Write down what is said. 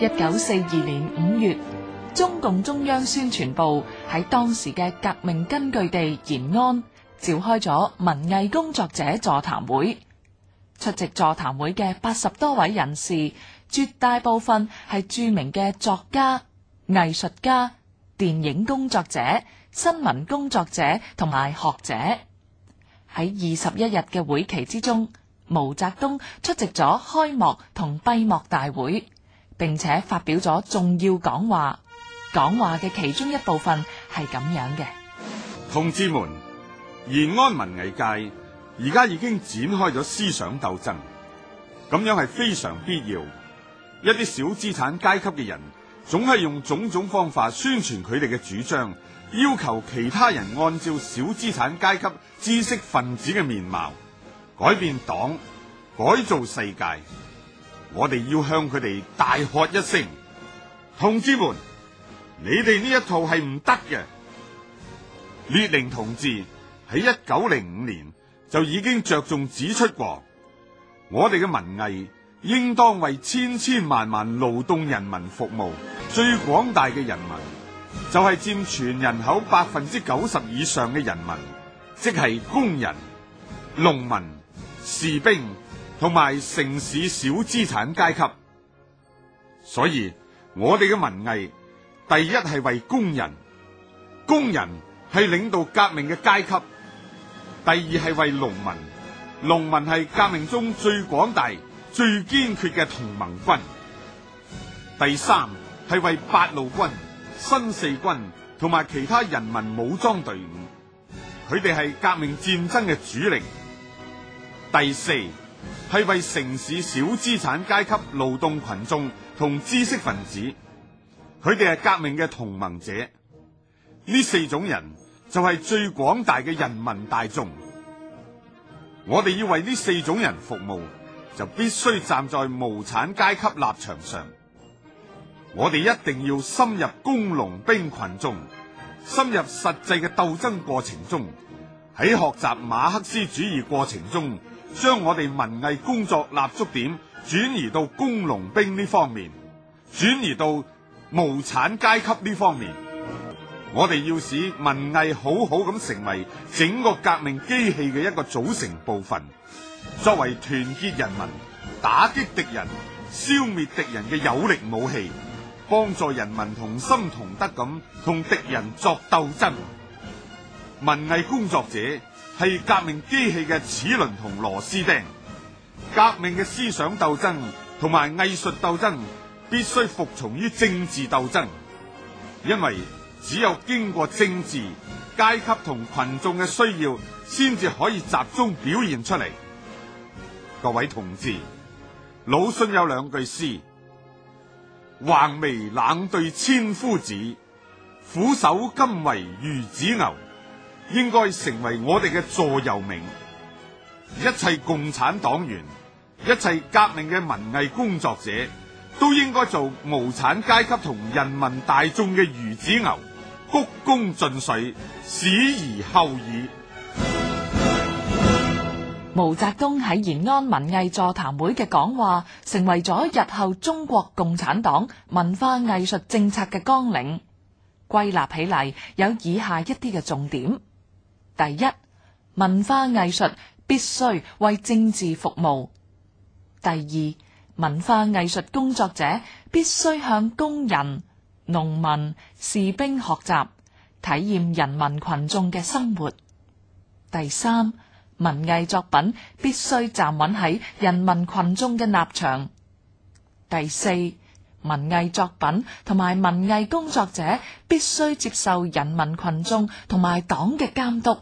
一九四二年五月，中共中央宣傳部喺當時嘅革命根據地延安召開咗文藝工作者座談會。出席座談會嘅八十多位人士，絕大部分係著名嘅作家、藝術家、電影工作者、新聞工作者同埋學者。喺二十一日嘅會期之中，毛澤東出席咗開幕同閉幕大會。並且發表咗重要講話，講話嘅其中一部分係咁樣嘅：同志們，延安文藝界而家已經展開咗思想鬥爭，咁樣係非常必要。一啲小資產階級嘅人，總係用種種方法宣傳佢哋嘅主張，要求其他人按照小資產階級知識分子嘅面貌，改變黨，改造世界。我哋要向佢哋大喝一聲，同志們，你哋呢一套係唔得嘅。列寧同志喺一九零五年就已經着重指出過，我哋嘅文藝應當為千千萬萬勞動人民服務，最廣大嘅人民就係占全人口百分之九十以上嘅人民，即係工人、農民、士兵。同埋城市小資產階級，所以我哋嘅文藝第一係為工人，工人係領導革命嘅階級；第二係為農民，農民係革命中最廣大、最堅決嘅同盟軍；第三係為八路軍、新四軍同埋其他人民武裝隊伍，佢哋係革命戰爭嘅主力；第四。係為城市小資產階級、勞動群眾同知識分子，佢哋係革命嘅同盟者。呢四種人就係最廣大嘅人民大眾。我哋要為呢四種人服務，就必須站在無產階級立場上。我哋一定要深入工農兵群眾，深入實際嘅鬥爭過程中，喺學習馬克思主義過程中。將我哋文藝工作立足點轉移到工農兵呢方面，轉移到無產階級呢方面，我哋要使文藝好好咁成為整個革命機器嘅一個組成部分，作為團結人民、打擊敵人、消滅敵人嘅有力武器，幫助人民同心同德咁同敵人作鬥爭。文藝工作者係革命機器嘅齒輪同螺絲釘，革命嘅思想鬥爭同埋藝術鬥爭必須服從於政治鬥爭，因為只有經過政治階級同群眾嘅需要，先至可以集中表現出嚟。各位同志，魯迅有兩句詩：橫眉冷對千夫指，俯首甘為孺子牛。應該成為我哋嘅座右銘。一切共產黨員、一切革命嘅文藝工作者都應該做無產階級同人民大眾嘅孺子牛，鞠躬盡瘁,死而後已。毛澤東喺延安文藝座談會嘅講話，成為咗日後中國共產黨文化藝術政策嘅綱領。歸納起嚟，有以下一啲嘅重點。第一，文化藝術必須為政治服務；第二，文化藝術工作者必須向工人、農民、士兵學習，體驗人民群眾嘅生活；第三，文藝作品必須站穩喺人民群眾嘅立場；第四，文藝作品同埋文藝工作者必須接受人民群眾同埋黨嘅監督。